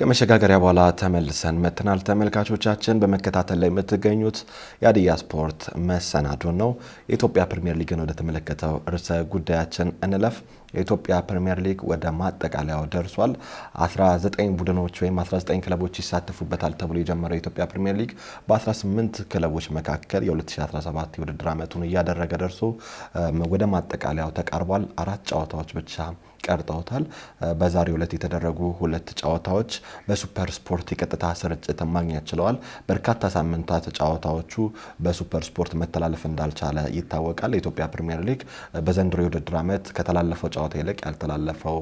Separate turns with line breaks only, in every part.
ከመሸጋገሪያ በኋላ ተመልሰን መትናል። ተመልካቾቻችን በመከታተል ላይ የምትገኙት የሀዲያ ስፖርት መሰናዶን ነው። የኢትዮጵያ ፕሪምየር ሊግን ወደ ተመለከተው ርዕሰ ጉዳያችን እንለፍ። የኢትዮጵያ ፕሪምየር ሊግ ወደ ማጠቃለያው ደርሷል። 19 ቡድኖች ወይም 19 ክለቦች ይሳተፉበታል ተብሎ የጀመረው የኢትዮጵያ ፕሪምየር ሊግ በ18 ክለቦች መካከል የ2017 የውድድር ዓመቱን እያደረገ ደርሶ ወደ ማጠቃለያው ተቃርቧል። አራት ጨዋታዎች ብቻ ቀርጠውታል። በዛሬው ዕለት የተደረጉ ሁለት ጨዋታዎች በሱፐር ስፖርት የቀጥታ ስርጭት ማግኘት ችለዋል። በርካታ ሳምንታት ጨዋታዎቹ በሱፐር ስፖርት መተላለፍ እንዳልቻለ ይታወቃል። የኢትዮጵያ ፕሪሚየር ሊግ በዘንድሮ የውድድር ዓመት ከተላለፈው ጨዋታ ይልቅ ያልተላለፈው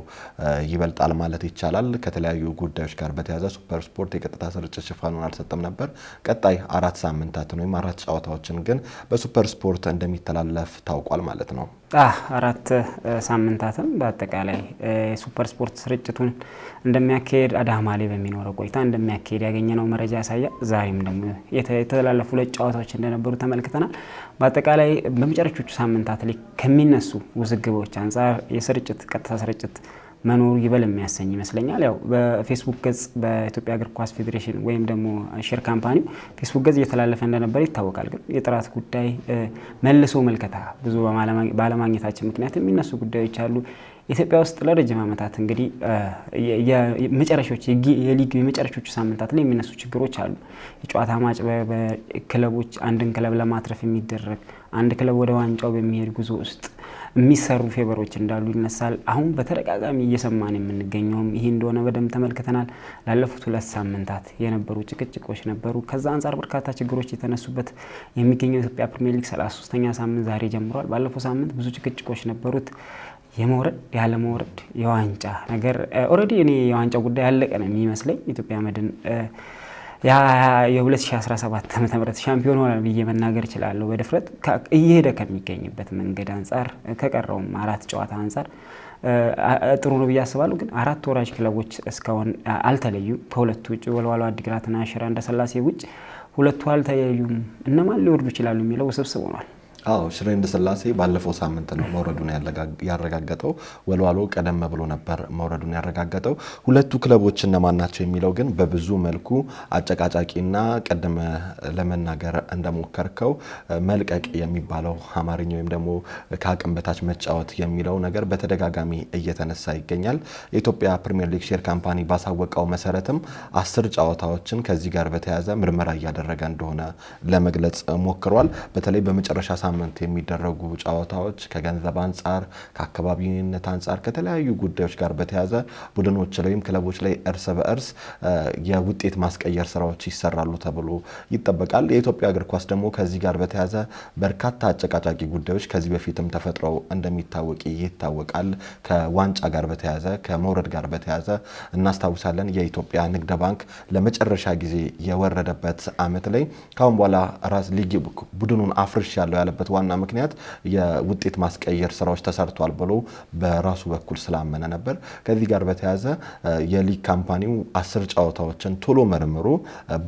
ይበልጣል ማለት ይቻላል። ከተለያዩ ጉዳዮች ጋር በተያያዘ ሱፐር ስፖርት የቀጥታ ስርጭት ሽፋኑን አልሰጠም ነበር። ቀጣይ አራት ሳምንታትን ወይም አራት ጨዋታዎችን ግን በሱፐር ስፖርት እንደሚተላለፍ ታውቋል ማለት ነው።
ለሚያስቆጣ አራት ሳምንታትም በአጠቃላይ የሱፐር ስፖርት ስርጭቱን እንደሚያካሄድ አዳማ ላይ በሚኖረው ቆይታ እንደሚያካሄድ ያገኘነው መረጃ ያሳያል። ዛሬም ደግሞ የተላለፉ ሁለት ጨዋታዎች እንደነበሩ ተመልክተናል። በአጠቃላይ በመጨረቾቹ ሳምንታት ላይ ከሚነሱ ውዝግቦች አንጻር የስርጭት ቀጥታ ስርጭት መኖሩ ይበል የሚያሰኝ ይመስለኛል። ያው በፌስቡክ ገጽ በኢትዮጵያ እግር ኳስ ፌዴሬሽን ወይም ደግሞ ሼር ካምፓኒው ፌስቡክ ገጽ እየተላለፈ እንደነበረ ይታወቃል። ግን የጥራት ጉዳይ መልሶ መልከታ ብዙ ባለማግኘታችን ምክንያት የሚነሱ ጉዳዮች አሉ። ኢትዮጵያ ውስጥ ለረጅም ዓመታት እንግዲህ የመጨረሻዎች የሊግ የመጨረሻዎቹ ሳምንታት ላይ የሚነሱ ችግሮች አሉ። የጨዋታ ማጭበርበር፣ ክለቦች አንድን ክለብ ለማትረፍ የሚደረግ አንድ ክለብ ወደ ዋንጫው በሚሄድ ጉዞ ውስጥ የሚሰሩ ፌቨሮች እንዳሉ ይነሳል። አሁን በተደጋጋሚ እየሰማን የምንገኘውም ይሄ እንደሆነ በደንብ ተመልክተናል። ላለፉት ሁለት ሳምንታት የነበሩ ጭቅጭቆች ነበሩ። ከዛ አንጻር በርካታ ችግሮች የተነሱበት የሚገኘው የኢትዮጵያ ፕሪሚየር ሊግ 33ኛ ሳምንት ዛሬ ጀምሯል። ባለፈው ሳምንት ብዙ ጭቅጭቆች ነበሩት። የመውረድ ያለመውረድ የዋንጫ ነገር ኦልሬዲ እኔ የዋንጫ ጉዳይ ያለቀ ነው የሚመስለኝ ኢትዮጵያ መድን የ2017 ም ሻምፒዮን ሆናል ብዬ መናገር እችላለሁ በድፍረት እየሄደ ከሚገኝበት መንገድ አንጻር ከቀረውም አራት ጨዋታ አንጻር ጥሩ ነው ብዬ አስባለሁ። ግን አራት ወራጅ ክለቦች እስካሁን አልተለዩም። ከሁለቱ ውጭ ወልዋሎ አዲግራትና ሽረ እንዳስላሴ ውጭ ሁለቱ አልተለዩም። እነማን ሊወርዱ ይችላሉ የሚለው ውስብስብ ሆኗል።
አዎ ሽሬንድ ስላሴ ባለፈው ሳምንት ነው መውረዱን ያረጋገጠው። ወልዋሎ ቀደም ብሎ ነበር መውረዱን ያረጋገጠው። ሁለቱ ክለቦች እነማን ናቸው የሚለው ግን በብዙ መልኩ አጨቃጫቂና ቀደመ ለመናገር እንደሞከርከው መልቀቅ የሚባለው አማርኛ ወይም ደግሞ ከአቅም በታች መጫወት የሚለው ነገር በተደጋጋሚ እየተነሳ ይገኛል። የኢትዮጵያ ፕሪምየር ሊግ ሼር ካምፓኒ ባሳወቀው መሰረትም አስር ጨዋታዎችን ከዚህ ጋር በተያያዘ ምርመራ እያደረገ እንደሆነ ለመግለጽ ሞክሯል። በተለይ በመጨረሻ ሳምንት የሚደረጉ ጨዋታዎች ከገንዘብ አንጻር፣ ከአካባቢነት አንጻር፣ ከተለያዩ ጉዳዮች ጋር በተያዘ ቡድኖች ላይ ወይም ክለቦች ላይ እርስ በእርስ የውጤት ማስቀየር ስራዎች ይሰራሉ ተብሎ ይጠበቃል። የኢትዮጵያ እግር ኳስ ደግሞ ከዚህ ጋር በተያዘ በርካታ አጨቃጫቂ ጉዳዮች ከዚህ በፊትም ተፈጥረው እንደሚታወቅ ይታወቃል። ከዋንጫ ጋር በተያዘ ከመውረድ ጋር በተያዘ እናስታውሳለን። የኢትዮጵያ ንግድ ባንክ ለመጨረሻ ጊዜ የወረደበት አመት ላይ ካሁን በኋላ ራስ ሊግ ቡድኑን አፍርሽ ያለው ያለበት የሆነበት ዋና ምክንያት የውጤት ማስቀየር ስራዎች ተሰርቷል ብሎ በራሱ በኩል ስላመነ ነበር። ከዚህ ጋር በተያያዘ የሊግ ካምፓኒው አስር ጨዋታዎችን ቶሎ መርምሮ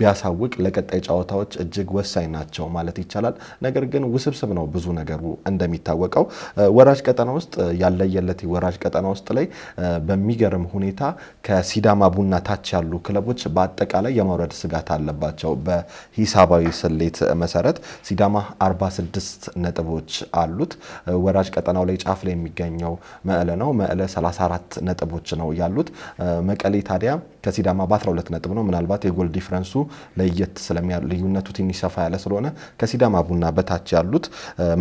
ቢያሳውቅ ለቀጣይ ጨዋታዎች እጅግ ወሳኝ ናቸው ማለት ይቻላል። ነገር ግን ውስብስብ ነው ብዙ ነገሩ እንደሚታወቀው ወራጅ ቀጠና ውስጥ ያለየለት ወራጅ ቀጠና ውስጥ ላይ በሚገርም ሁኔታ ከሲዳማ ቡና ታች ያሉ ክለቦች በአጠቃላይ የመውረድ ስጋት አለባቸው። በሂሳባዊ ስሌት መሰረት ሲዳማ 46 ነጥቦች አሉት። ወራጅ ቀጠናው ላይ ጫፍ ላይ የሚገኘው መዕለ ነው። መዕለ 34 ነጥቦች ነው ያሉት። መቀሌ ታዲያ ከሲዳማ በ12 ነጥብ ነው። ምናልባት የጎል ዲፍረንሱ ለየት ልዩነቱ ትንሽ ሰፋ ያለ ስለሆነ ከሲዳማ ቡና በታች ያሉት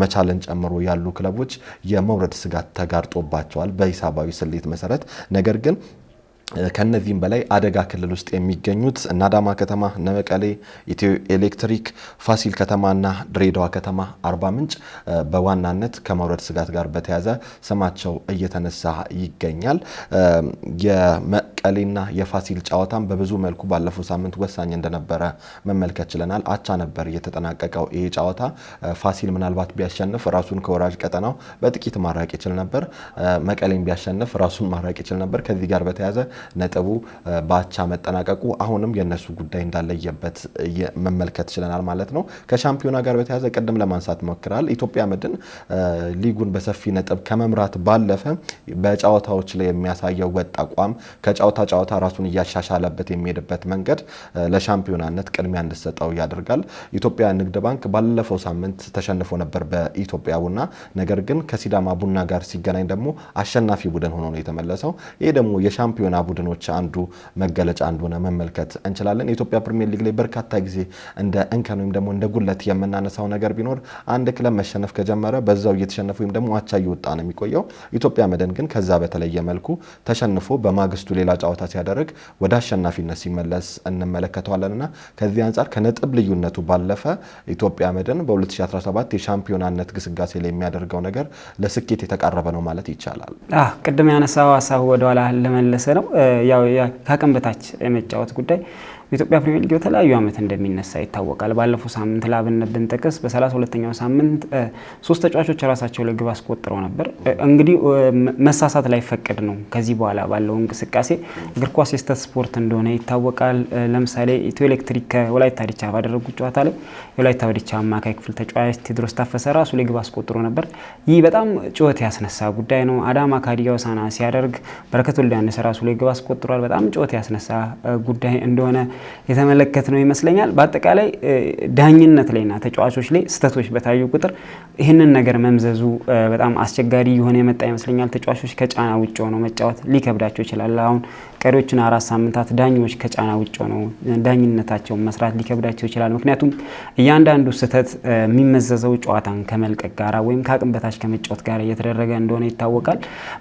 መቻልን ጨምሮ ያሉ ክለቦች የመውረድ ስጋት ተጋርጦባቸዋል በሂሳባዊ ስሌት መሰረት ነገር ግን ከነዚህም በላይ አደጋ ክልል ውስጥ የሚገኙት እነ አዳማ ከተማ እነ መቀሌ፣ ኢትዮ ኤሌክትሪክ፣ ፋሲል ከተማና ድሬዳዋ ከተማ አርባ ምንጭ በዋናነት ከመውረድ ስጋት ጋር በተያያዘ ስማቸው እየተነሳ ይገኛል። የመቀሌና የፋሲል ጨዋታም በብዙ መልኩ ባለፈው ሳምንት ወሳኝ እንደነበረ መመልከት ችለናል። አቻ ነበር የተጠናቀቀው ይሄ ጨዋታ። ፋሲል ምናልባት ቢያሸንፍ ራሱን ከወራጅ ቀጠናው በጥቂት ማራቅ ይችል ነበር። መቀሌም ቢያሸንፍ ራሱን ማራቅ ይችል ነበር። ከዚህ ጋር በተያያዘ ነጥቡ በአቻ መጠናቀቁ አሁንም የእነሱ ጉዳይ እንዳለየበት መመልከት ችለናል ማለት ነው። ከሻምፒዮና ጋር በተያያዘ ቅድም ለማንሳት ሞክራል። ኢትዮጵያ መድን ሊጉን በሰፊ ነጥብ ከመምራት ባለፈ በጨዋታዎች ላይ የሚያሳየው ወጥ አቋም ከጨዋታ ጨዋታ ራሱን እያሻሻለበት የሚሄድበት መንገድ ለሻምፒዮናነት ቅድሚያ እንድሰጠው ያደርጋል። ኢትዮጵያ ንግድ ባንክ ባለፈው ሳምንት ተሸንፎ ነበር በኢትዮጵያ ቡና። ነገር ግን ከሲዳማ ቡና ጋር ሲገናኝ ደግሞ አሸናፊ ቡድን ሆኖ ነው የተመለሰው። ይህ ደግሞ የሻምፒዮና ቡድኖች አንዱ መገለጫ እንደሆነ መመልከት እንችላለን። የኢትዮጵያ ፕሪሚየር ሊግ ላይ በርካታ ጊዜ እንደ እንከን ወይም ደግሞ እንደ ጉለት የምናነሳው ነገር ቢኖር አንድ ክለብ መሸነፍ ከጀመረ በዛው እየተሸነፈ ወይም ደግሞ አቻ እየወጣ ነው የሚቆየው። ኢትዮጵያ መድን ግን ከዛ በተለየ መልኩ ተሸንፎ በማግስቱ ሌላ ጨዋታ ሲያደርግ ወደ አሸናፊነት ሲመለስ እንመለከተዋለንና ከዚህ አንጻር ከነጥብ ልዩነቱ ባለፈ ኢትዮጵያ መድን በ2017 የሻምፒዮናነት ግስጋሴ ላይ የሚያደርገው ነገር ለስኬት የተቃረበ ነው ማለት ይቻላል።
ቅድም ያነሳው ሀሳቡ ወደኋላ ለመለሰ ነው ያው ከአቅም በታች የመጫወት ጉዳይ በኢትዮጵያ ፕሪሚየር ሊግ በተለያዩ ዓመት እንደሚነሳ ይታወቃል። ባለፈው ሳምንት ላብነት ብንጠቅስ በ 32 ሳምንት ሶስት ተጫዋቾች ራሳቸው ለግብ ግብ አስቆጥረው ነበር። እንግዲህ መሳሳት ላይ ነው። ከዚህ በኋላ ባለው እንቅስቃሴ እግር ኳስ የስተት ስፖርት እንደሆነ ይታወቃል። ለምሳሌ ኢትዮ ኤሌክትሪክ ከወላይታ ዲቻ ባደረጉት ጨዋታ ላይ የወላይታ ዲቻ አማካይ ክፍል ተጫዋች ቴድሮስ ታፈሰ ራሱ ለግብ ግብ አስቆጥሮ ነበር። ይህ በጣም ጩኸት ያስነሳ ጉዳይ ነው። አዳማ ካዲያ ሆሳዕና ሲያደርግ በረከት ወልደየስ ራሱ ለግብ አስቆጥሯል። በጣም ጩኸት ያስነሳ ጉዳይ እንደሆነ የተመለከት ነው ይመስለኛል። በአጠቃላይ ዳኝነት ላይና ተጫዋቾች ላይ ስህተቶች በታዩ ቁጥር ይህንን ነገር መምዘዙ በጣም አስቸጋሪ የሆነ የመጣ ይመስለኛል። ተጫዋቾች ከጫና ውጭ ሆነው መጫወት ሊከብዳቸው ይችላል አሁን ቀሪዎቹን አራት ሳምንታት ዳኞች ከጫና ውጭ ሆነው ዳኝነታቸውን መስራት ሊከብዳቸው ይችላል። ምክንያቱም እያንዳንዱ ስህተት የሚመዘዘው ጨዋታን ከመልቀቅ ጋራ ወይም ከአቅም በታች ከመጫወት ጋር እየተደረገ እንደሆነ ይታወቃል።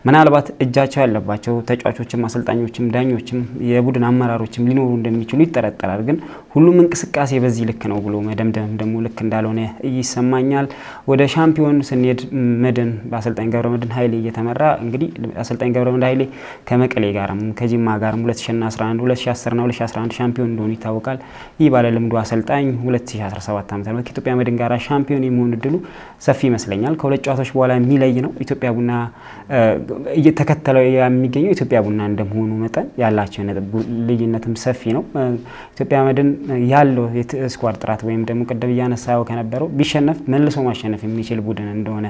ምናልባት እጃቸው ያለባቸው ተጫዋቾችም፣ አሰልጣኞችም፣ ዳኞችም፣ የቡድን አመራሮችም ሊኖሩ እንደሚችሉ ይጠረጠራል። ግን ሁሉም እንቅስቃሴ በዚህ ልክ ነው ብሎ መደምደም ደግሞ ልክ እንዳልሆነ ይሰማኛል። ወደ ሻምፒዮን ስንሄድ መድን በአሰልጣኝ መድን ኃይሌ እየተመራ እንግዲህ አሰልጣኝ መድን ኃይሌ ከመቀሌ ጋርም ከጂማ ጋርም 2011 2010ና 2011 ሻምፒዮን እንደሆኑ ይታወቃል። ይህ ባለልምዱ አሰልጣኝ 2017 ዓ ም ከኢትዮጵያ መድን ጋር ሻምፒዮን የመሆን እድሉ ሰፊ ይመስለኛል። ከሁለት ጨዋታዎች በኋላ የሚለይ ነው። ኢትዮጵያ ቡና እየተከተለው የሚገኘው ኢትዮጵያ ቡና እንደመሆኑ መጠን ያላቸው ልዩነትም ሰፊ ነው። ኢትዮጵያ መድን ያለው የስኳድ ጥራት ወይም ደግሞ ቅድም እያነሳው ከነበረው ቢሸነፍ መልሶ ማሸነፍ የሚችል ቡድን እንደሆነ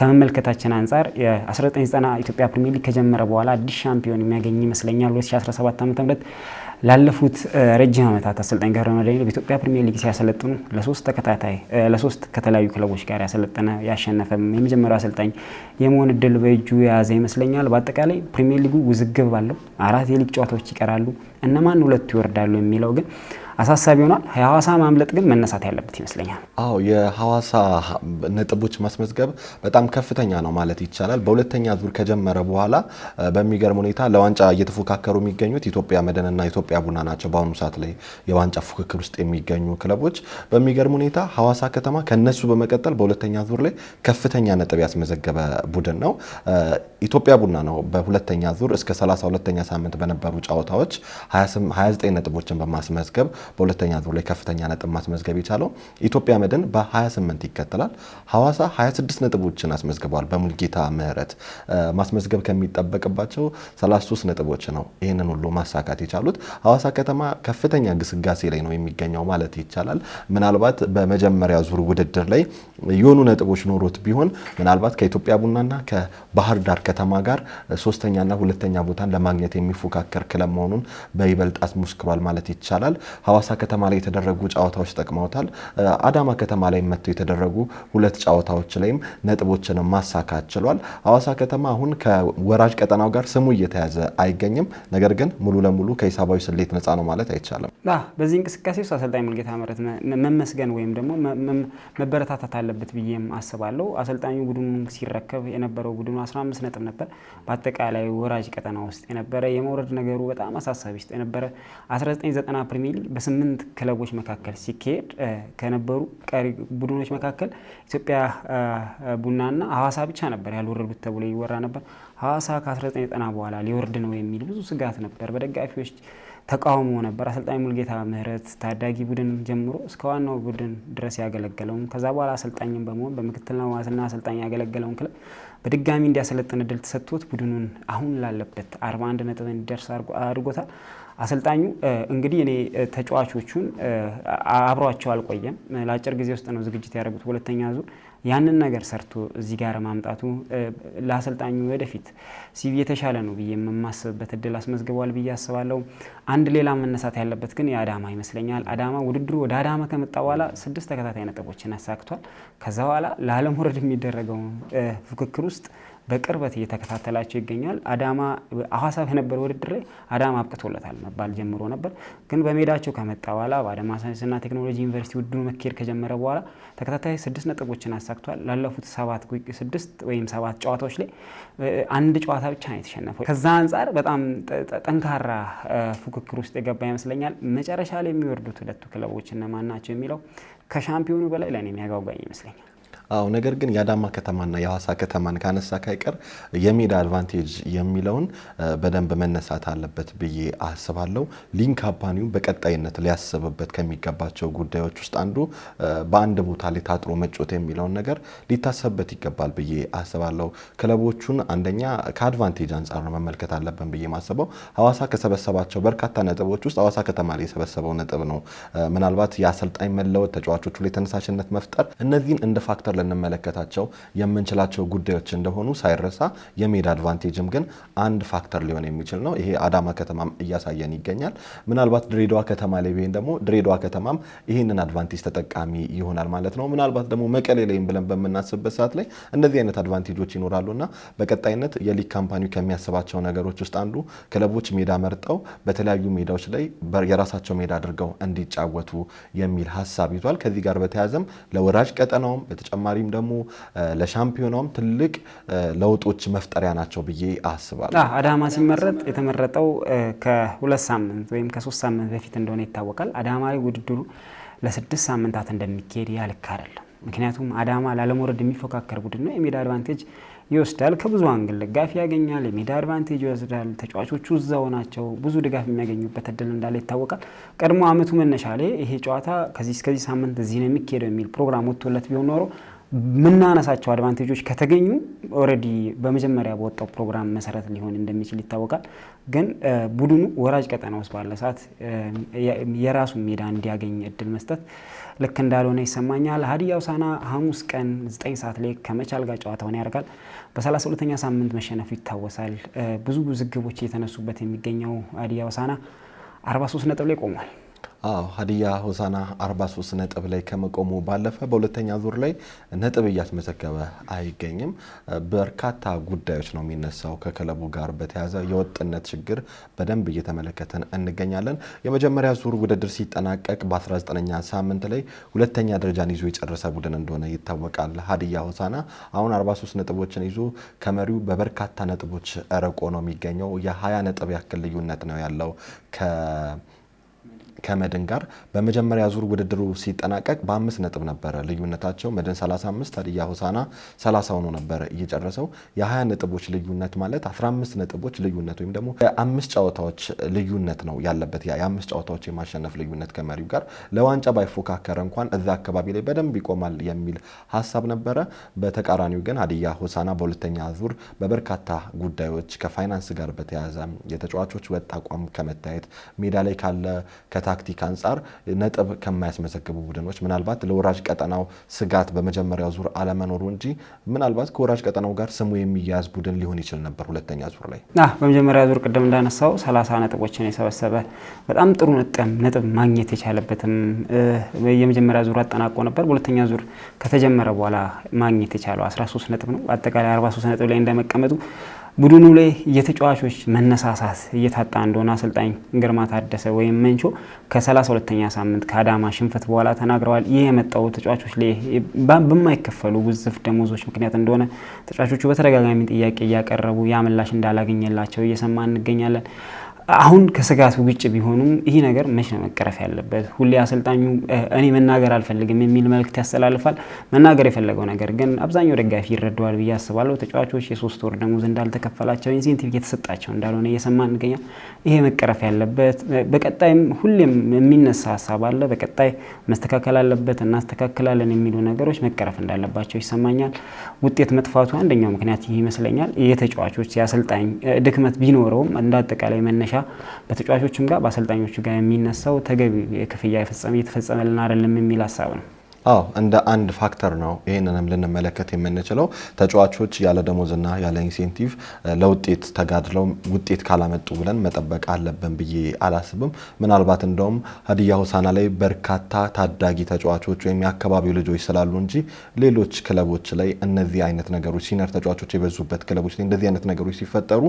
ከመመልከታችን አንጻር የ1990 ኢትዮጵያ ፕሪሚየር ሊግ ከጀመረ በኋላ አዲስ ሻምፒዮን የሚያገኝ ይመስለኛል። 2017 ዓ ም ላለፉት ረጅም ዓመታት አሰልጣኝ ገብረመድህን በኢትዮጵያ ፕሪሚየር ሊግ ሲያሰለጥኑ ለሶስት ተከታታይ ለሶስት ከተለያዩ ክለቦች ጋር ያሰለጠነ ያሸነፈም የመጀመሪያው አሰልጣኝ የመሆን እድል በእጁ የያዘ ይመስለኛል። በአጠቃላይ ፕሪሚየር ሊጉ ውዝግብ ባለው አራት የሊግ ጨዋታዎች ይቀራሉ። እነማን ሁለቱ ይወርዳሉ የሚለው ግን አሳሳቢ ሆኗል። የሐዋሳ ማምለጥ ግን መነሳት ያለበት ይመስለኛል።
አዎ የሐዋሳ ነጥቦች ማስመዝገብ በጣም ከፍተኛ ነው ማለት ይቻላል። በሁለተኛ ዙር ከጀመረ በኋላ በሚገርም ሁኔታ ለዋንጫ እየተፎካከሩ የሚገኙት ኢትዮጵያ መድንና ኢትዮጵያ ቡና ናቸው። በአሁኑ ሰዓት ላይ የዋንጫ ፉክክር ውስጥ የሚገኙ ክለቦች በሚገርም ሁኔታ ሐዋሳ ከተማ ከነሱ በመቀጠል በሁለተኛ ዙር ላይ ከፍተኛ ነጥብ ያስመዘገበ ቡድን ነው። ኢትዮጵያ ቡና ነው በሁለተኛ ዙር እስከ 32ኛ ሳምንት በነበሩ ጨዋታዎች 29 ነጥቦችን በማስመዝገብ በሁለተኛ ዙር ላይ ከፍተኛ ነጥብ ማስመዝገብ የቻለው ኢትዮጵያ መድን በ28 ይከተላል። ሐዋሳ 26 ነጥቦችን አስመዝግበዋል። በሙልጌታ ምህረት ማስመዝገብ ከሚጠበቅባቸው 33 ነጥቦች ነው ይህንን ሁሉ ማሳካት የቻሉት። ሐዋሳ ከተማ ከፍተኛ ግስጋሴ ላይ ነው የሚገኘው ማለት ይቻላል። ምናልባት በመጀመሪያ ዙር ውድድር ላይ የሆኑ ነጥቦች ኖሮት ቢሆን ምናልባት ከኢትዮጵያ ቡናና ከባህር ዳር ከተማ ጋር ሶስተኛና ሁለተኛ ቦታን ለማግኘት የሚፎካከር ክለብ መሆኑን በይበልጥ አስመስክሯል ማለት ይቻላል። ሀዋሳ ከተማ ላይ የተደረጉ ጨዋታዎች ጠቅመውታል። አዳማ ከተማ ላይ መጥተው የተደረጉ ሁለት ጨዋታዎች ላይም ነጥቦችንም ማሳካት ችሏል። ሀዋሳ ከተማ አሁን ከወራጅ ቀጠናው ጋር ስሙ እየተያዘ አይገኝም። ነገር ግን ሙሉ ለሙሉ ከሂሳባዊ ስሌት ነፃ ነው ማለት አይቻልም።
በዚህ እንቅስቃሴ ውስጥ አሰልጣኝ ሙልጌታ ምህረት መመስገን ወይም ደግሞ መበረታታት አለበት ብዬም አስባለሁ። አሰልጣኙ ቡድኑ ሲረከብ የነበረው ቡድኑ 15 ነጥብ ነበር። በአጠቃላይ ወራጅ ቀጠና ውስጥ የነበረ የመውረድ ነገሩ በጣም አሳሳቢ ውስጥ የነበረ 1990 ፕሪሚየር በስምንት ክለቦች መካከል ሲካሄድ ከነበሩ ቀሪ ቡድኖች መካከል ኢትዮጵያ ቡናና ሀዋሳ ብቻ ነበር ያልወረዱት ተብሎ ይወራ ነበር። ሀዋሳ ከ1990 በኋላ ሊወርድ ነው የሚል ብዙ ስጋት ነበር። በደጋፊዎች ተቃውሞ ነበር። አሰልጣኝ ሙልጌታ ምህረት ታዳጊ ቡድን ጀምሮ እስከ ዋናው ቡድን ድረስ ያገለገለውም ከዛ በኋላ አሰልጣኝም በመሆን በምክትልና ዋስና አሰልጣኝ ያገለገለውን ክለብ በድጋሚ እንዲያሰለጥን እድል ተሰጥቶት ቡድኑን አሁን ላለበት 41 ነጥብ እንዲደርስ አድርጎታል። አሰልጣኙ እንግዲህ እኔ ተጫዋቾቹን አብሯቸው አልቆየም። ለአጭር ጊዜ ውስጥ ነው ዝግጅት ያደረጉት ሁለተኛ ዙር። ያንን ነገር ሰርቶ እዚህ ጋር ማምጣቱ ለአሰልጣኙ ወደፊት ሲቪ የተሻለ ነው ብዬ የማስብበት እድል አስመዝግቧል ብዬ አስባለሁ። አንድ ሌላ መነሳት ያለበት ግን የአዳማ ይመስለኛል። አዳማ ውድድሩ ወደ አዳማ ከመጣ በኋላ ስድስት ተከታታይ ነጥቦችን አሳክቷል። ከዛ በኋላ ለአለም ወረድ የሚደረገው ፉክክር ውስጥ በቅርበት እየተከታተላቸው ይገኛል። አዳማ ሐዋሳ በነበረ ውድድር ላይ አዳማ አብቅቶለታል መባል ጀምሮ ነበር። ግን በሜዳቸው ከመጣ በኋላ በአዳማ ሳይንስና ቴክኖሎጂ ዩኒቨርሲቲ ውድድሩ መካሄድ ከጀመረ በኋላ ተከታታይ ስድስት ነጥቦችን አሳክቷል። ላለፉት ሰባት ስድስት ወይም ሰባት ጨዋታዎች ላይ አንድ ጨዋታ ብቻ ነው የተሸነፈው። ከዛ አንጻር በጣም ጠንካራ ፉክክር ውስጥ የገባ ይመስለኛል። መጨረሻ ላይ የሚወርዱት ሁለቱ ክለቦች እነማን ናቸው የሚለው ከሻምፒዮኑ በላይ ለእኔ የሚያጓጓኝ ይመስለኛል።
አዎ ነገር ግን የአዳማ ከተማና የሐዋሳ ከተማን ካነሳ ካይቀር የሜዳ አድቫንቴጅ የሚለውን በደንብ መነሳት አለበት ብዬ አስባለሁ። ሊንክ ካምፓኒው በቀጣይነት ሊያስብበት ከሚገባቸው ጉዳዮች ውስጥ አንዱ በአንድ ቦታ ላይ ታጥሮ መጮት የሚለውን ነገር ሊታሰብበት ይገባል ብዬ አስባለሁ። ክለቦቹን አንደኛ ከአድቫንቴጅ አንጻር ነው መመልከት አለብን ብዬ ማስበው። ሐዋሳ ከሰበሰባቸው በርካታ ነጥቦች ውስጥ ሐዋሳ ከተማ ላይ የሰበሰበው ነጥብ ነው። ምናልባት የአሰልጣኝ መለወጥ፣ ተጫዋቾቹ ላይ ተነሳሽነት መፍጠር እነዚህን እንደ ፋክተር ልንመለከታቸው የምንችላቸው ጉዳዮች እንደሆኑ ሳይረሳ የሜዳ አድቫንቴጅም ግን አንድ ፋክተር ሊሆን የሚችል ነው። ይሄ አዳማ ከተማም እያሳየን ይገኛል። ምናልባት ድሬዳዋ ከተማ ላይ ብሄን ደግሞ ድሬዳዋ ከተማም ይህንን አድቫንቴጅ ተጠቃሚ ይሆናል ማለት ነው። ምናልባት ደግሞ መቀሌ ላይም ብለን በምናስብበት ሰዓት ላይ እንደዚህ አይነት አድቫንቴጆች ይኖራሉ እና በቀጣይነት የሊግ ካምፓኒ ከሚያስባቸው ነገሮች ውስጥ አንዱ ክለቦች ሜዳ መርጠው በተለያዩ ሜዳዎች ላይ የራሳቸው ሜዳ አድርገው እንዲጫወቱ የሚል ሀሳብ ይዟል። ከዚህ ጋር በተያያዘም ለወራጅ ቀጠናውም በተጨማ በተጨማሪም ደግሞ ለሻምፒዮናውም ትልቅ ለውጦች መፍጠሪያ ናቸው ብዬ አስባለሁ።
አዳማ ሲመረጥ የተመረጠው ከሁለት ሳምንት ወይም ከሶስት ሳምንት በፊት እንደሆነ ይታወቃል። አዳማዊ ውድድሩ ለስድስት ሳምንታት እንደሚካሄድ ያልክ አይደለም። ምክንያቱም አዳማ ላለመውረድ የሚፎካከር ቡድን ነው። የሜዳ አድቫንቴጅ ይወስዳል። ከብዙ አንግል ደጋፊ ያገኛል። የሜዳ አድቫንቴጅ ይወስዳል። ተጫዋቾቹ እዛው ናቸው። ብዙ ድጋፍ የሚያገኙበት እድል እንዳለ ይታወቃል። ቀድሞ ዓመቱ መነሻ ላይ ይሄ ጨዋታ ከዚህ እስከዚህ ሳምንት እዚህ ነው የሚካሄደው የሚል ፕሮግራም ወጥቶለት ቢሆን ኖሮ ምናነሳቸው አድቫንቴጆች ከተገኙ ኦልሬዲ በመጀመሪያ በወጣው ፕሮግራም መሰረት ሊሆን እንደሚችል ይታወቃል። ግን ቡድኑ ወራጅ ቀጠና ውስጥ ባለ ሰዓት የራሱ ሜዳ እንዲያገኝ እድል መስጠት ልክ እንዳልሆነ ይሰማኛል። ሀዲያ ሆሳዕና ሐሙስ ቀን 9 ሰዓት ላይ ከመቻል ጋር ጨዋታውን ያደርጋል። በ32ኛ ሳምንት መሸነፉ ይታወሳል። ብዙ ውዝግቦች እየተነሱበት የሚገኘው ሀዲያ ሆሳዕና 43 ነጥብ ላይ ቆሟል።
አዎ ሀዲያ ሆሳና 43 ነጥብ ላይ ከመቆሙ ባለፈ በሁለተኛ ዙር ላይ ነጥብ እያስመዘገበ አይገኝም። በርካታ ጉዳዮች ነው የሚነሳው ከክለቡ ጋር በተያያዘ የወጥነት ችግር በደንብ እየተመለከተን እንገኛለን። የመጀመሪያ ዙር ውድድር ሲጠናቀቅ በ19ኛ ሳምንት ላይ ሁለተኛ ደረጃን ይዞ የጨረሰ ቡድን እንደሆነ ይታወቃል። ሀዲያ ሆሳና አሁን 43 ነጥቦችን ይዞ ከመሪው በበርካታ ነጥቦች ረቆ ነው የሚገኘው። የ20 ነጥብ ያክል ልዩነት ነው ያለው ከ ከመድን ጋር በመጀመሪያ ዙር ውድድሩ ሲጠናቀቅ በአምስት ነጥብ ነበረ ልዩነታቸው። መድን 35 አድያ ሆሳና 30 ሆኖ ነበረ እየጨረሰው የ20 ነጥቦች ልዩነት ማለት 15 ነጥቦች ልዩነት ወይም ደግሞ የአምስት ጨዋታዎች ልዩነት ነው ያለበት። ያ የአምስት ጨዋታዎች የማሸነፍ ልዩነት ከመሪው ጋር ለዋንጫ ባይፎካከረ እንኳን እዛ አካባቢ ላይ በደንብ ይቆማል የሚል ሀሳብ ነበረ። በተቃራኒው ግን ሀዲያ ሆሳና በሁለተኛ ዙር በበርካታ ጉዳዮች ከፋይናንስ ጋር በተያያዘ የተጫዋቾች ወጥ አቋም ከመታየት ሜዳ ላይ ካለ ከታ ታክቲክ አንጻር ነጥብ ከማያስመዘግቡ ቡድኖች ምናልባት ለወራጅ ቀጠናው ስጋት በመጀመሪያው ዙር አለመኖሩ እንጂ ምናልባት ከወራጅ ቀጠናው ጋር ስሙ የሚያያዝ ቡድን ሊሆን ይችል ነበር። ሁለተኛ ዙር ላይ
በመጀመሪያ ዙር ቅድም እንዳነሳው ሰላሳ ነጥቦችን የሰበሰበ በጣም ጥሩ ነጥብ ማግኘት የቻለበትም የመጀመሪያ ዙር አጠናቆ ነበር። በሁለተኛ ዙር ከተጀመረ በኋላ ማግኘት የቻለው 13 ነጥብ ነው። አጠቃላይ 43 ነጥብ ላይ እንደመቀመጡ ቡድኑ ላይ የተጫዋቾች መነሳሳት እየታጣ እንደሆነ አሰልጣኝ ግርማ ታደሰ ወይም መንቾ ከ 32 ሳምንት ከአዳማ ሽንፈት በኋላ ተናግረዋል። ይህ የመጣው ተጫዋቾች ላይ በማይከፈሉ ውዝፍ ደሞዞች ምክንያት እንደሆነ ተጫዋቾቹ በተደጋጋሚ ጥያቄ እያቀረቡ ያ ምላሽ እንዳላገኘላቸው እየሰማ እንገኛለን። አሁን ከስጋቱ ውጭ ቢሆኑም ይህ ነገር መቼ ነው መቀረፍ ያለበት? ሁሌ አሰልጣኙ እኔ መናገር አልፈልግም የሚል መልእክት ያስተላልፋል። መናገር የፈለገው ነገር ግን አብዛኛው ደጋፊ ይረዳዋል ብዬ አስባለሁ። ተጫዋቾች የሶስት ወር ደሞዝ እንዳልተከፈላቸው፣ ኢንሴንቲቭ እየተሰጣቸው እንዳልሆነ እየሰማን እንገኛል። ይሄ መቀረፍ ያለበት በቀጣይም ሁሌም የሚነሳ ሀሳብ አለ። በቀጣይ መስተካከል አለበት እናስተካክላለን የሚሉ ነገሮች መቀረፍ እንዳለባቸው ይሰማኛል። ውጤት መጥፋቱ አንደኛው ምክንያት ይህ ይመስለኛል። የተጫዋቾች የአሰልጣኝ ድክመት ቢኖረውም እንደ አጠቃላይ መነሻ በተጫዋቾችም ጋር በአሰልጣኞቹ ጋር የሚነሳው ተገቢ ክፍያ የተፈጸመልን አይደለም የሚል ሀሳብ ነው።
አዎ እንደ አንድ ፋክተር ነው ይህንንም ልንመለከት የምንችለው። ተጫዋቾች ያለ ደሞዝና ያለ ኢንሴንቲቭ ለውጤት ተጋድለው ውጤት ካላመጡ ብለን መጠበቅ አለብን ብዬ አላስብም። ምናልባት እንደውም ሀዲያ ሆሳና ላይ በርካታ ታዳጊ ተጫዋቾች ወይም የአካባቢው ልጆች ስላሉ እንጂ ሌሎች ክለቦች ላይ እነዚህ አይነት ነገሮች ሲነር ተጫዋቾች የበዙበት ክለቦች ላይ እንደዚህ አይነት ነገሮች ሲፈጠሩ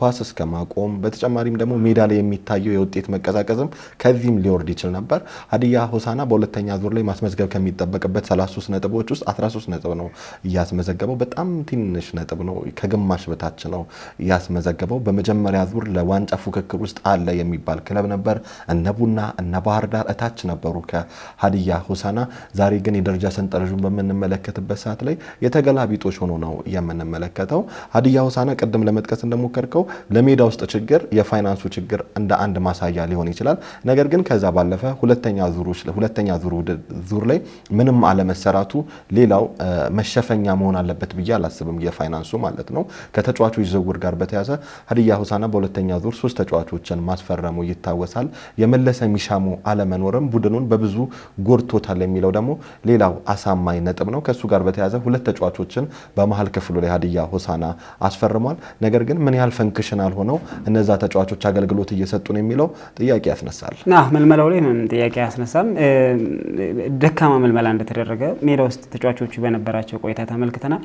ኳስ እስከ ማቆም በተጨማሪም ደግሞ ሜዳ ላይ የሚታየው የውጤት መቀዛቀዝም ከዚህም ሊወርድ ይችል ነበር። ሀዲያ ሆሳና በሁለተኛ ዙር ላይ ማስመ ማስመዝገብ ከሚጠበቅበት 33 ነጥቦች ውስጥ 13 ነጥብ ነው እያስመዘገበው። በጣም ትንሽ ነጥብ ነው፣ ከግማሽ በታች ነው እያስመዘገበው በመጀመሪያ ዙር ለዋንጫ ፉክክር ውስጥ አለ የሚባል ክለብ ነበር። እነ ቡና እነ ባህር ዳር እታች ነበሩ ከሀዲያ ሆሳና። ዛሬ ግን የደረጃ ሰንጠረዡን በምንመለከትበት ሰዓት ላይ የተገላቢጦች ሆኖ ነው የምንመለከተው። ሀዲያ ሆሳና ቅድም ለመጥቀስ እንደሞከርከው ለሜዳ ውስጥ ችግር የፋይናንሱ ችግር እንደ አንድ ማሳያ ሊሆን ይችላል። ነገር ግን ከዛ ባለፈ ሁለተኛ ዙር ሴክተሩ ላይ ምንም አለመሰራቱ ሌላው መሸፈኛ መሆን አለበት ብዬ አላስብም። የፋይናንሱ ማለት ነው። ከተጫዋቾች ዝውውር ጋር በተያዘ ሀዲያ ሆሳና በሁለተኛ ዙር ሶስት ተጫዋቾችን ማስፈረሙ ይታወሳል። የመለሰ ሚሻሙ አለመኖርም ቡድኑን በብዙ ጎድቶታል የሚለው ደግሞ ሌላው አሳማኝ ነጥብ ነው። ከእሱ ጋር በተያዘ ሁለት ተጫዋቾችን በመሀል ክፍሉ ላይ ሀዲያ ሆሳና አስፈርሟል። ነገር ግን ምን ያህል ፈንክሽናል ሆነው እነዛ ተጫዋቾች አገልግሎት እየሰጡ ነው የሚለው ጥያቄ ያስነሳል።
መልመላው ላይ ጥያቄ ያስነሳል። ደካማ ምልመላ እንደተደረገ ሜዳ ውስጥ ተጫዋቾቹ በነበራቸው ቆይታ ተመልክተናል።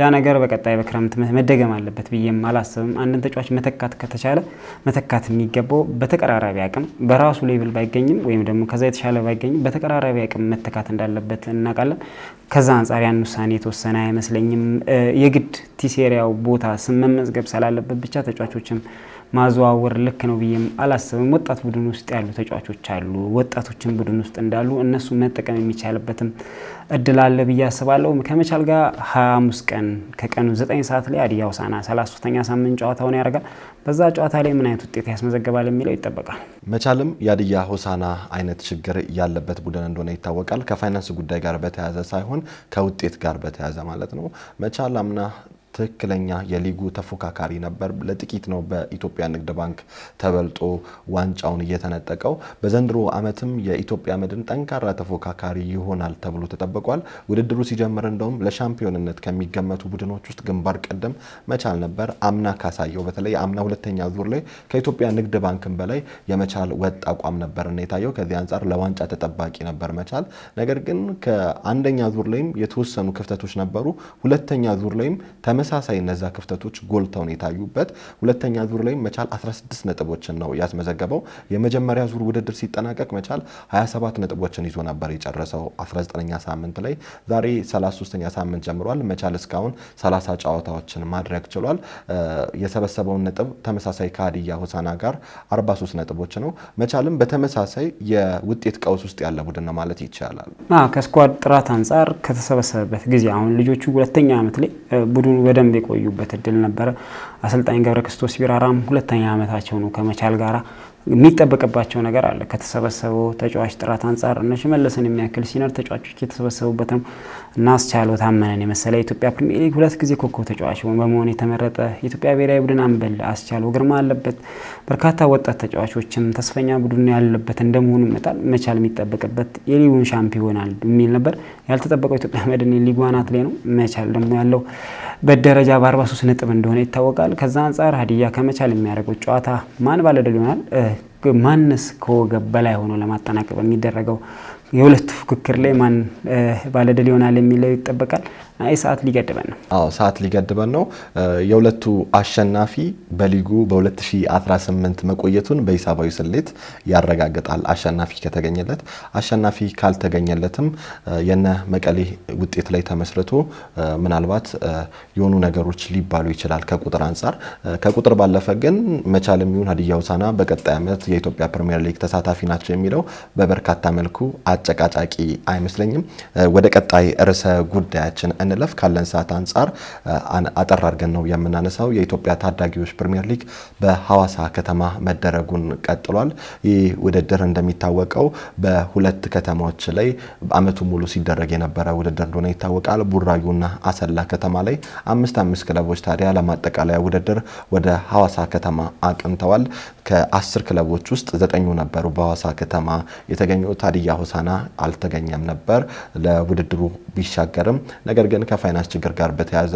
ያ ነገር በቀጣይ በክረምት መደገም አለበት ብዬም አላስብም። አንድን ተጫዋች መተካት ከተቻለ መተካት የሚገባው በተቀራራቢ አቅም በራሱ ሌብል ባይገኝም ወይም ደግሞ ከዛ የተሻለ ባይገኝም በተቀራራቢ አቅም መተካት እንዳለበት እናውቃለን። ከዛ አንጻር ያን ውሳኔ የተወሰነ አይመስለኝም። የግድ ቲሴሪያው ቦታ ስም መመዝገብ ስላለበት ብቻ ተጫዋቾችም ማዘዋወር ልክ ነው ብዬም አላስብም። ወጣት ቡድን ውስጥ ያሉ ተጫዋቾች አሉ፣ ወጣቶችን ቡድን ውስጥ እንዳሉ እነሱ መጠቀም የሚቻልበትም እድል አለ ብዬ አስባለሁ። ከመቻል ጋር 25 ቀን ከቀኑ 9 ሰዓት ላይ ሀዲያ ሆሳዕና ሰላሳ ኛ ሳምንት ጨዋታውን ያደርጋል። በዛ ጨዋታ ላይ ምን አይነት ውጤት ያስመዘገባል የሚለው ይጠበቃል።
መቻልም የሀዲያ ሆሳዕና አይነት ችግር ያለበት ቡድን እንደሆነ ይታወቃል። ከፋይናንስ ጉዳይ ጋር በተያያዘ ሳይሆን ከውጤት ጋር በተያያዘ ማለት ነው። መቻል አምና ትክክለኛ የሊጉ ተፎካካሪ ነበር። ለጥቂት ነው በኢትዮጵያ ንግድ ባንክ ተበልጦ ዋንጫውን እየተነጠቀው። በዘንድሮ ዓመትም የኢትዮጵያ መድን ጠንካራ ተፎካካሪ ይሆናል ተብሎ ተጠብቋል። ውድድሩ ሲጀምር እንደውም ለሻምፒዮንነት ከሚገመቱ ቡድኖች ውስጥ ግንባር ቀደም መቻል ነበር። አምና ካሳየው በተለይ አምና ሁለተኛ ዙር ላይ ከኢትዮጵያ ንግድ ባንክን በላይ የመቻል ወጥ አቋም እና የታየው። ከዚህ አንጻር ለዋንጫ ተጠባቂ ነበር መቻል። ነገር ግን ከአንደኛ ዙር ላይም የተወሰኑ ክፍተቶች ነበሩ። ሁለተኛ ዙር ላይም ተመ በተመሳሳይ እነዛ ክፍተቶች ጎልተውን የታዩበት ሁለተኛ ዙር ላይ መቻል 16 ነጥቦችን ነው ያስመዘገበው። የመጀመሪያ ዙር ውድድር ሲጠናቀቅ መቻል 27 ነጥቦችን ይዞ ነበር የጨረሰው 19ኛ ሳምንት ላይ። ዛሬ 33ኛ ሳምንት ጀምሯል። መቻል እስካሁን 30 ጨዋታዎችን ማድረግ ችሏል። የሰበሰበውን ነጥብ ተመሳሳይ ከሀዲያ ሆሳና ጋር 43 ነጥቦች ነው። መቻልም በተመሳሳይ የውጤት ቀውስ ውስጥ ያለ ቡድን ነው ማለት ይቻላል።
ከስኳድ ጥራት አንጻር ከተሰበሰበበት ጊዜ አሁን ልጆቹ ሁለተኛ ዓመት ላይ ቡድኑ በደንብ የቆዩበት እድል ነበረ። አሰልጣኝ ገብረ ክርስቶስ ቢራራም ሁለተኛ ዓመታቸው ነው ከመቻል ጋር የሚጠበቅባቸው ነገር አለ። ከተሰበሰበው ተጫዋች ጥራት አንጻር እነ ሽመለስን የሚያክል ሲነር ተጫዋቾች የተሰበሰቡበት ነው እና አስቻለው ታመነን የመሰለ የኢትዮጵያ ፕሪሚየር ሊግ ሁለት ጊዜ ኮከብ ተጫዋች በመሆን የተመረጠ የኢትዮጵያ ብሔራዊ ቡድን አምበል አስቻለው ግርማ አለበት። በርካታ ወጣት ተጫዋቾችም ተስፈኛ ቡድን ያለበት እንደመሆኑ ይመጣል መቻል የሚጠበቅበት የሊጉን ሻምፒዮናል የሚል ነበር። ያልተጠበቀው ኢትዮጵያ መድን ሊጉ አናት ላይ ነው። መቻል ደግሞ ያለው በደረጃ በ43 ነጥብ እንደሆነ ይታወቃል። ከዛ አንጻር ሀዲያ ከመቻል የሚያደርገው ጨዋታ ማን ባለደል ይሆናል? ማንስ ከወገብ በላይ ሆኖ ለማጠናቀቅ በሚደረገው የሁለቱ ፉክክር ላይ ማን ባለድል ይሆናል የሚለው ይጠበቃል። አይ ሰዓት ሊገድበን ነው።
አዎ ሰዓት ሊገድበን ነው። የሁለቱ አሸናፊ በሊጉ በ2018 መቆየቱን በሂሳባዊ ስሌት ያረጋግጣል፣ አሸናፊ ከተገኘለት። አሸናፊ ካልተገኘለትም የነ መቀሌ ውጤት ላይ ተመስርቶ ምናልባት የሆኑ ነገሮች ሊባሉ ይችላል ከቁጥር አንጻር። ከቁጥር ባለፈ ግን መቻልም ይሁን ሀዲያ ሆሳዕና በቀጣይ ዓመት የኢትዮጵያ ፕሪሚየር ሊግ ተሳታፊ ናቸው የሚለው በበርካታ መልኩ አጨቃጫቂ አይመስለኝም። ወደ ቀጣይ ርዕሰ ጉዳያችን እንለፍ። ካለን ሰዓት አንጻር አጠር አድርገን ነው የምናነሳው። የኢትዮጵያ ታዳጊዎች ፕሪምየር ሊግ በሐዋሳ ከተማ መደረጉን ቀጥሏል። ይህ ውድድር እንደሚታወቀው በሁለት ከተማዎች ላይ አመቱ ሙሉ ሲደረግ የነበረ ውድድር እንደሆነ ይታወቃል። ቡራዩና አሰላ ከተማ ላይ አምስት አምስት ክለቦች ታዲያ ለማጠቃለያ ውድድር ወደ ሐዋሳ ከተማ አቅንተዋል። ከአስር ክለቦች ውስጥ ዘጠኙ ነበሩ በሐዋሳ ከተማ የተገኙት። ሀዲያ ሆሳና አልተገኘም ነበር ለውድድሩ ቢሻገርም ነገር ግን ከፋይናንስ ችግር ጋር በተያያዘ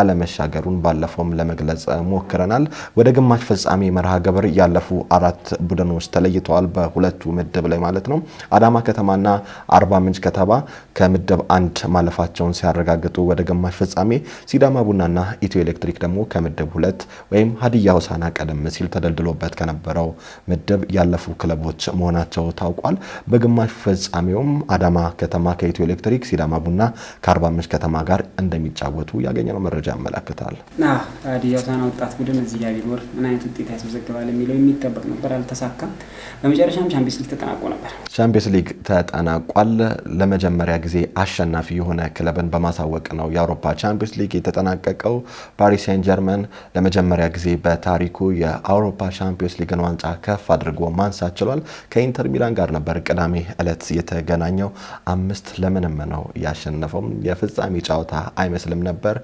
አለመሻገሩን ባለፈውም ለመግለጽ ሞክረናል። ወደ ግማሽ ፍጻሜ መርሃ ግብር ያለፉ አራት ቡድኖች ተለይተዋል። በሁለቱ ምድብ ላይ ማለት ነው። አዳማ ከተማና አርባ ምንጭ ከተማ ከምድብ አንድ ማለፋቸውን ሲያረጋግጡ ወደ ግማሽ ፍጻሜ፣ ሲዳማ ቡናና ኢትዮ ኤሌክትሪክ ደግሞ ከምድብ ሁለት ወይም ሀዲያ ሆሳዕና ቀደም ሲል ተደልድሎበት ከነበረው ምድብ ያለፉ ክለቦች መሆናቸው ታውቋል። በግማሽ ፍጻሜውም አዳማ ከተማ ከኢትዮ ኤሌክትሪክ፣ ሲዳማ ቡና እና ከአርባ ምንጭ ከተማ ጋር እንደሚጫወቱ ያገኘነው መረጃ ያመላክታል።
ዲያውሳና ወጣት ቡድን እዚህ ጋር ቢኖር ምን አይነት ውጤት ያስመዘግባል የሚለው የሚጠበቅ ነበር፣ አልተሳካም። በመጨረሻም ቻምፒየንስ ሊግ ተጠናቆ ነበር።
ቻምፒየንስ ሊግ ተጠናቋል። ለመጀመሪያ ጊዜ አሸናፊ የሆነ ክለብን በማሳወቅ ነው የአውሮፓ ቻምፒየንስ ሊግ የተጠናቀቀው። ፓሪስ ሴን ጀርመን ለመጀመሪያ ጊዜ በታሪኩ የአውሮፓ ቻምፒየንስ ሊግን ዋንጫ ከፍ አድርጎ ማንሳት ችሏል። ከኢንተር ሚላን ጋር ነበር ቅዳሜ ዕለት የተገናኘው። አምስት ለምንም ነው ያሸ የተሸነፈውም የፍጻሜ ጨዋታ አይመስልም ነበር።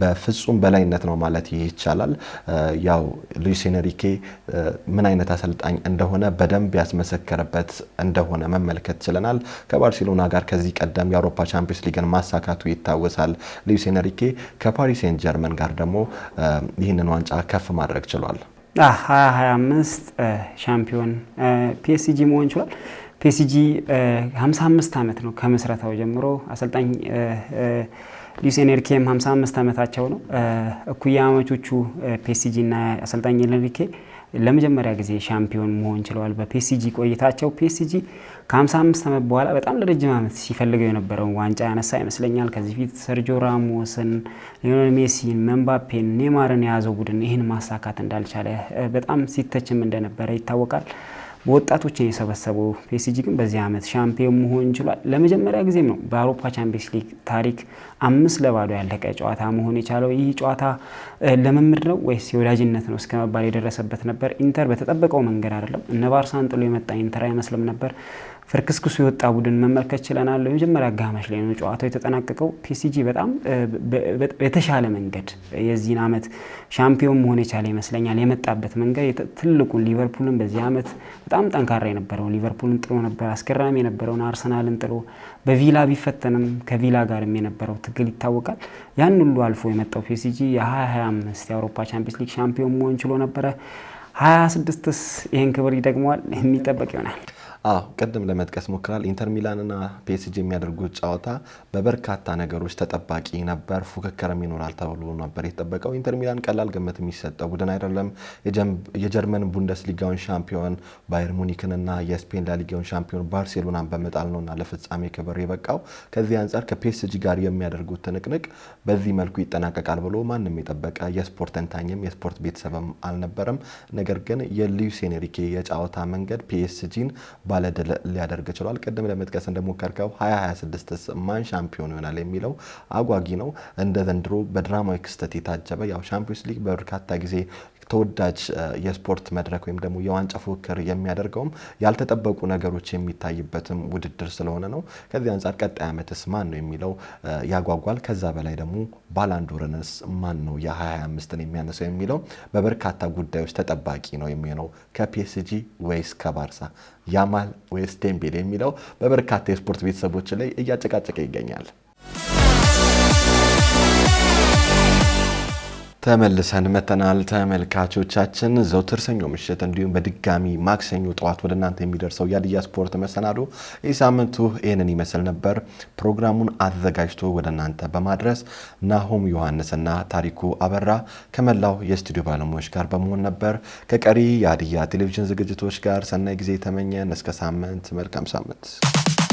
በፍጹም በላይነት ነው ማለት ይቻላል። ያው ሉዊስ ኤንሪኬ ምን አይነት አሰልጣኝ እንደሆነ በደንብ ያስመሰከረበት እንደሆነ መመልከት ችለናል። ከባርሴሎና ጋር ከዚህ ቀደም የአውሮፓ ቻምፒዮንስ ሊግን ማሳካቱ ይታወሳል። ሉዊስ ኤንሪኬ ከፓሪስ ሴንት ጀርመን ጋር ደግሞ ይህንን ዋንጫ ከፍ ማድረግ ችሏል።
2025 ሻምፒዮን ፒኤስጂ መሆን ችሏል። ፒኤስጂ 55 ዓመት ነው ከመስረታው ጀምሮ አሰልጣኝ ሉዊስ ኤንሪኬም 55 ዓመታቸው ነው። እኩያ አመቾቹ ፒኤስጂ እና አሰልጣኝ ኤንሪኬ ለመጀመሪያ ጊዜ ሻምፒዮን መሆን ችለዋል። በፒኤስጂ ቆይታቸው ፒኤስጂ ከ55 ዓመት በኋላ በጣም ለረጅም ዓመት ሲፈልገው የነበረውን ዋንጫ ያነሳ ይመስለኛል። ከዚህ ፊት ሰርጆ ራሞስን፣ ሊዮኔል ሜሲን፣ መምባፔን፣ ኔማርን የያዘው ቡድን ይህን ማሳካት እንዳልቻለ በጣም ሲተችም እንደነበረ ይታወቃል። ወጣቶችን የሰበሰበው ፔሲጂ ግን በዚህ ዓመት ሻምፒዮን መሆን ችሏል። ለመጀመሪያ ጊዜም ነው በአውሮፓ ቻምፒየንስ ሊግ ታሪክ አምስት ለባዶ ያለቀ ጨዋታ መሆን የቻለው። ይህ ጨዋታ ልምምድ ነው ወይስ የወዳጅነት ነው እስከ መባል የደረሰበት ነበር። ኢንተር በተጠበቀው መንገድ አይደለም። እነ ባርሳን ጥሎ የመጣ ኢንተር አይመስልም ነበር። ፍርክስክሱ የወጣ ቡድን መመልከት ችለናል። የመጀመሪያ አጋማሽ ላይ ነው ጨዋታው የተጠናቀቀው። ፒሲጂ በጣም በተሻለ መንገድ የዚህን ዓመት ሻምፒዮን መሆን የቻለ ይመስለኛል። የመጣበት መንገድ ትልቁን ሊቨርፑልን በዚህ አመት በጣም ጠንካራ የነበረው ሊቨርፑልን ጥሎ ነበር አስገራሚ የነበረውን አርሰናልን ጥሎ በቪላ ቢፈተንም ከቪላ ጋርም የነበረው ትግል ይታወቃል። ያን ሁሉ አልፎ የመጣው ፒሲጂ የ2025 የአውሮፓ ቻምፒዮንስ ሊግ ሻምፒዮን መሆን ችሎ ነበረ። 26 ይህን ክብር ይደግመዋል የሚጠበቅ ይሆናል።
አዎ ቅድም ለመጥቀስ ሞክራል። ኢንተር ሚላንና ፒኤስጂ የሚያደርጉት ጨዋታ በበርካታ ነገሮች ተጠባቂ ነበር፣ ፉክክርም ይኖራል ተብሎ ነበር የተጠበቀው። ኢንተር ሚላን ቀላል ግምት የሚሰጠው ቡድን አይደለም። የጀርመን ቡንደስሊጋውን ሻምፒዮን ባየር ሙኒክንና የስፔን ላሊጋውን ሻምፒዮን ባርሴሎናን በመጣል ነውና ለፍጻሜ ክብር የበቃው። ከዚህ አንጻር ከፒኤስጂ ጋር የሚያደርጉት ትንቅንቅ በዚህ መልኩ ይጠናቀቃል ብሎ ማንም የጠበቀ የስፖርት ተንታኝም የስፖርት ቤተሰብም አልነበረም። ነገር ግን የሉዊስ ኤንሪኬ የጨዋታ መንገድ ፒኤስጂን ባለድል ሊያደርግ ችሏል። ቅድም ለመጥቀስ እንደሞከርከው 2026 ማን ሻምፒዮን ይሆናል የሚለው አጓጊ ነው። እንደ ዘንድሮ በድራማዊ ክስተት የታጀበ ያው ሻምፒዮንስ ሊግ በርካታ ጊዜ ተወዳጅ የስፖርት መድረክ ወይም ደግሞ የዋንጫ ፉክክር የሚያደርገውም ያልተጠበቁ ነገሮች የሚታይበትም ውድድር ስለሆነ ነው። ከዚህ አንጻር ቀጣይ ዓመትስ ማን ነው የሚለው ያጓጓል። ከዛ በላይ ደግሞ ባላንዶርንስ ማን ነው የ25ን የሚያነሳው የሚለው በበርካታ ጉዳዮች ተጠባቂ ነው የሚሆነው ከፒኤስጂ ወይስ ከባርሳ ያማል ወይስ ዴምቤሌ የሚለው በበርካታ የስፖርት ቤተሰቦች ላይ እያጨቃጨቀ ይገኛል። ተመልሰን መተናል ተመልካቾቻችን። ዘውትር ሰኞ ምሽት እንዲሁም በድጋሚ ማክሰኞ ጠዋት ወደ እናንተ የሚደርሰው የሀዲያ ስፖርት መሰናዶ ይህ ሳምንቱ ይህንን ይመስል ነበር። ፕሮግራሙን አዘጋጅቶ ወደ እናንተ በማድረስ ናሆም ዮሐንስና ታሪኩ አበራ ከመላው የስቱዲዮ ባለሙያዎች ጋር በመሆን ነበር። ከቀሪ የሀዲያ ቴሌቪዥን ዝግጅቶች ጋር ሰናይ ጊዜ ተመኘን። እስከ ሳምንት፣ መልካም ሳምንት